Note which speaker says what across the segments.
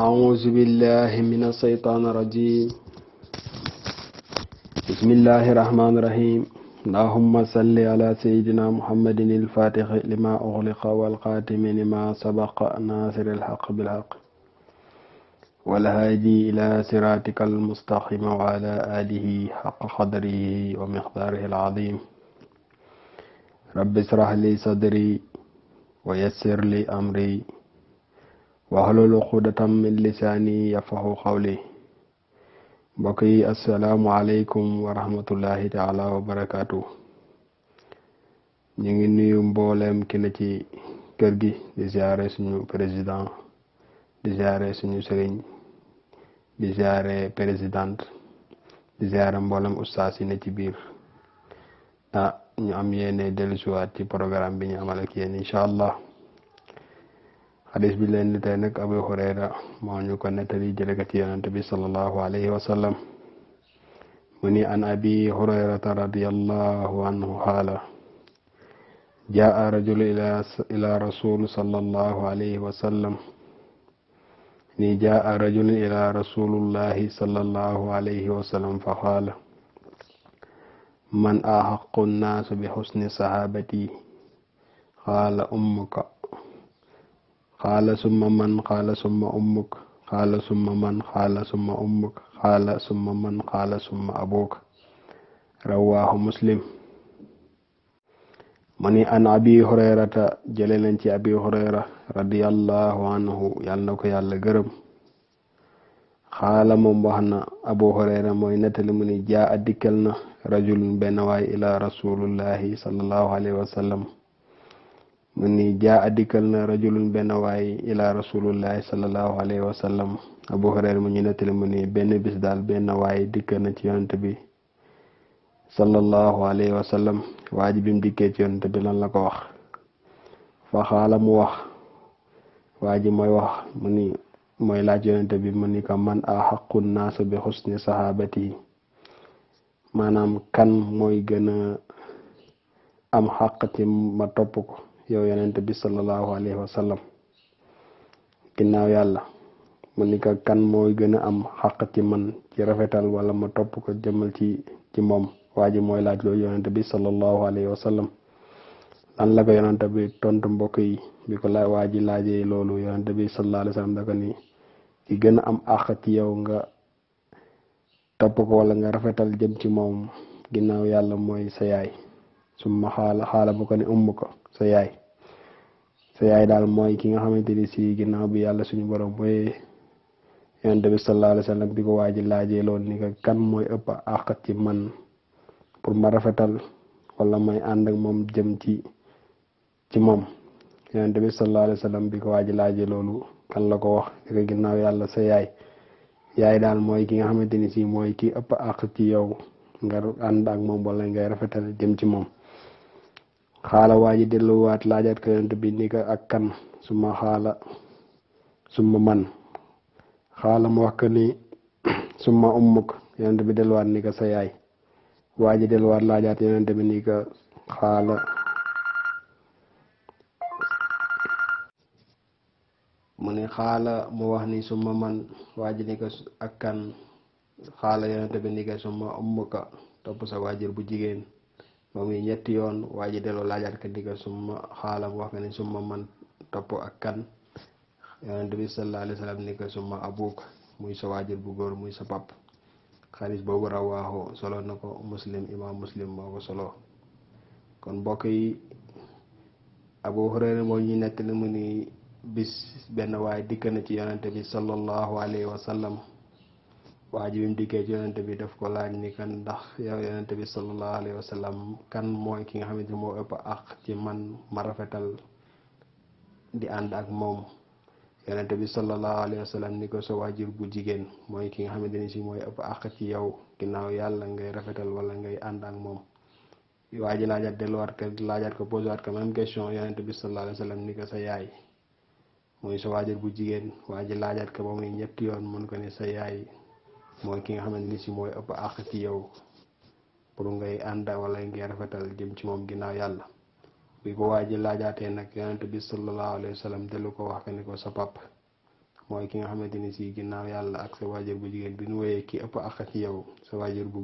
Speaker 1: أعوذ بالله من الشيطان الرجيم بسم الله الرحمن الرحيم اللهم صل على سيدنا محمد الفاتح لما أغلق والقاتم لما سبق ناصر الحق بالحق والهادي إلى صراطك المستقيم وعلى آله حق قدره ومقداره العظيم رب اشرح لي صدري ويسر لي أمري وحلل عقدة من لساني يفه قولي بقي السلام عليكم ورحمة الله تعالى وبركاته نيغي نيو مبولم كي نتي كيرغي دي زياره سونو بريزيدان دي زياره سونو سيرين دي زياره بريزيدانت دي زياره مبولم استاذ سي نتي بير ا ني ام يينه دلسوات تي بروغرام بي ني امال ان شاء الله حديث بالله ان تانك ابو هريره ما نيوك نتري جلغتي النبي صلى الله عليه وسلم من عن ابي هريره رضي الله عنه قال جاء رجل الى الى رسول صلى الله عليه وسلم ني جاء رجل الى رسول الله صلى الله عليه وسلم فقال من احق الناس بحسن صحابتي قال امك qaala summa man qaala summa ummuk qaala summa man qaala summa ummuk qaala summa man qaala summa abuk rawaahu muslim mani an abi hurayrata jële ci abi hurayra radiyallahu anhu yàlla ko yàlla gërëm xaala moom wax na abu hurayra mooy nettali mu ni jaa a dikkal na rajulun ila rasulillahi sallallahu alayhi wa mu ni jaa dikkal na rajulun benn waay ila rasulullahi salallahu alayhi wa sallam abu hurayra mu ñu nettali mu ni benn bis daal benn waay dikk na ci yonent bi salallahu alayhi wa sallam waa ji bi mu dikkee ci yonent bi lan la ko wax fa xaala mu wax waa ji mooy wax mu ni mooy laaj yonent bi mu ni ko man a xaqu naasa bi xusni sahabati maanaam kan mooy gën am xaq ci ma topp ko yow yonent bi sallallahu alayhi wa ginnaaw yàlla mu ni ko kan mooy gën a am xàq ci man ci rafetal wala ma topp ko jëmal ci ci moom waa ji mooy laaj loolu yonent bi sallallahu alayhi wa sallam lan tontu mbokk yi bi waa ji laajee loolu yonent bi sallallahu alayhi wa ni ci gën a am àq ci yow nga topp ko wala nga rafetal jëm ci moom ginnaaw yàlla mooy sa yaay su ma xaala xaala bu ko ni umm ko sa yaay sa yaay daal mooy ki nga xamante ni si ginnaaw bi yàlla suñu borom booyee yonent bi sallallahu alayhi wa ko waaji laajee loon ni ko kan mooy ëpp àq ci man pour ma rafetal wala may ànd ak moom jëm ci ci moom yonent bi sallallahu alayhi wa bi ko waa ji laajee loolu kan la ko wax di ko ginnaaw yàlla sa yaay yaay daal mooy ki nga xamante ni si mooy ki ëpp àq ci yow nga ànd ak moom wala ngay rafetal jëm ci moom. xaala waa ji delluwaat laajaat ko yonent bi ni ko ak kan suma xaala suma man xaala mu wax ko ni suma ummuk yonent bi delluwaat ni ko sa yaay waa ji delluwaat laajaat yonent bi ni ko xaala mu ne xaala mu wax ni suma man waa ji ni ko ak kan xaala yonent bi ni ko suma ummuka topp sa waajur bu jigéen ba yi ñetti yoon waa ji delloo laajaat ka ndigal summa xaalam wax nga ne summa man topp ak kan yonent bi sallallahu summa abuk muy sa waajur bu góor muy sa pap xaris boobu rawaaxu solo na ko muslim imam muslim moo ko solo kon mbokk yi abu hurayra moo ñu nett na mu ni bis benn waaye dikk na ci yonent bi sallallahu alayhi wa sallam waji ji bi mu ci yonente bi daf ko laaj ni kan ndax yow yonente bi sallallahu alaihi wasallam kan moy ki nga xamante mo ëpp ak ci man ma rafetal di and ak mom yonente bi sallallahu alaihi wasallam ni ko so waajur bu jigen moy ki nga xamante ni si mooy ëpp ak ci yow ginaaw yalla ngay rafetal wala ngay and ak moom waa de laajaat ke ko laajaat ko posewaat ko même question yonente bi sallallahu alaihi wasallam ni ko sa yaay moy so waajur bu jigen waji ji ko ba muy yoon mon ko ne sa yaay moy ki nga xamanteni ci si ëpp ak ci yow pour ngay anda wala ngay rafetal jëm ci mom ginaaw yalla bi ko waji salam nak yaronte bi sallallahu alayhi wasallam delu ko wax ni ko sa pap moy ki nga xamanteni ci si yalla ak sa wajur bu jigéen bi nu wooyee ki ëpp ak ci yow sa wajur bu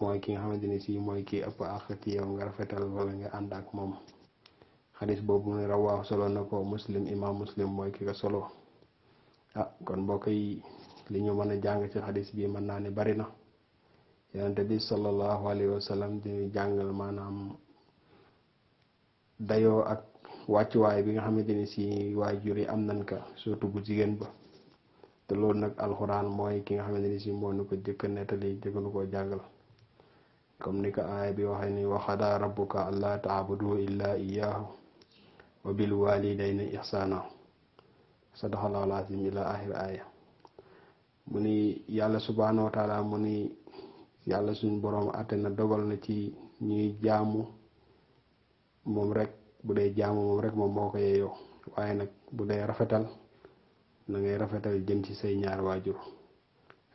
Speaker 1: moy ki nga xamanteni ci si ki ëpp ak ci yow nga rafetal wala nga anda ak mom hadith bobu ni rawahu solo nako muslim imam muslim moy ki ko solo ah kon bokay li ñu mën jàng ci hadith bi mën naa ne bari na yonente bi sallallahu alayhi wasallam di jàngal manam dayo ak way bi nga xamanteni ni si yi am nan ka surtout bu jigen ba te lool nak alquran moy ki nga xamanteni ni si moo nu ko jëkk nettali jëkk nu koo jàngal comme ni ka ay bi ni khada rabbuka allah ta'budu illa iyyahu wa bil walidayni ihsana sadaqallahu alazim ila ahir ayah mu ni yàlla subhanahu wa taala mu ni yàlla suñu borom attena dogal na ci ñuy jaamu moom rek bu dee jaamu moom rek moom moo ko yeyoo waaye nag bu dee rafetal na ngay rafetal jëm ci say ñaari waajur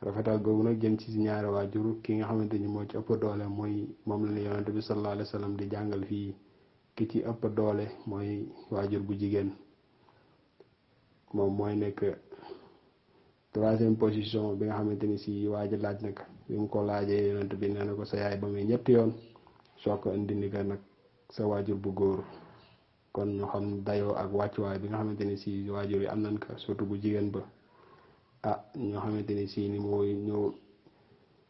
Speaker 1: rafetal googu nag jëm ci si ñaari waajur ki nga xamante ni moo ci ëpp doole mooy moom la ni yonente bi salallahu alei sallam di jàngal fii ki ci ëpp doole mooy waajur bu jigéen moom mooy nekk troisième position bi nga xamanteni ni si waa laaj nak bi mu ko laajee yonent bi nee ko sa yaay ba muy ñetti yoon soko andi ni ga nak sa wajur bu goor kon ñu xam dayo ak waccu way bi nga xamanteni ni si waajur yi am nañ ko surtout bu jigen ba ah ñu xamanteni ni si ni moy ñëw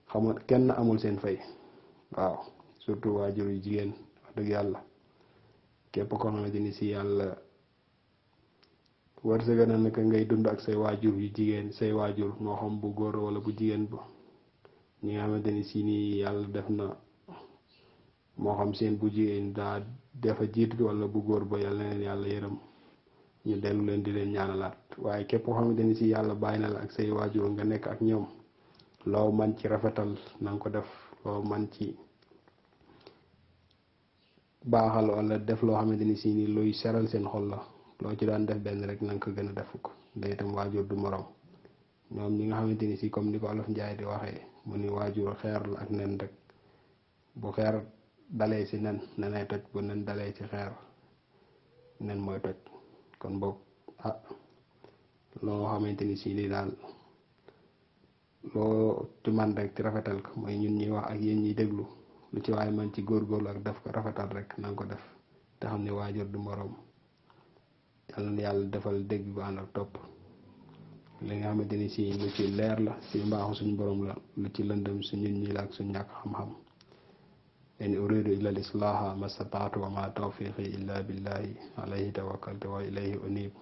Speaker 1: xam kenn amul seen fay waaw surtout wajur yu jigen wax dëgg yàlla képp ko xamanteni ni si yàlla wërsëganal naka ngay dund ak say wajur yu jigen say wajur mo xam bu gor wala bu jigen bu ñi nga xamanteni si ni yalla def na mo xam seen bu defa wala bu gor ba yalla na leen yàlla yërëm ñu delu leen di leen ñaanalat waye kep xam xamante ni si yàlla la ak say wajur nga nek ak ñom lo man ci rafetal nang ko def lo man ci baaxal wala def lo xamanteni si ni loy seral seen xol la lo ci daan def ben rek nang ko gëna def ko day tam wajur du morom ñom ñi nga xamanteni ci si comme niko ko olof njaay di waxe mu ni wajur xeer la ak nen rek bu xeer dalé si nen nenay toj bu nen dalé ci xeer nen moy toj kon bok ah lo xamanteni ci si lii daal lo ci man rek ci rafetal ko moy ñun ñi wax ak yeen ñi deglu lu ci way man ci gor ak def ko rafetal rek nang ko def te xamni wajur waajur du morom yàlla na yàlla defal dégg bu ànd ak topp li nga xamante ni si lu ci leer la si mbaaxu suñu borom la lu ci lëndëm su ñun ñi la ak suñu ñàkk xam-xam in uridu illa al islaaha ma stataatu wa ma tawfiqi illa billahi alayhi tawakkaltu wa ilayhi unib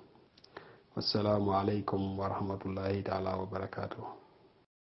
Speaker 1: wassalaamu alaykum wa rahmatullahi taala wa barakatuh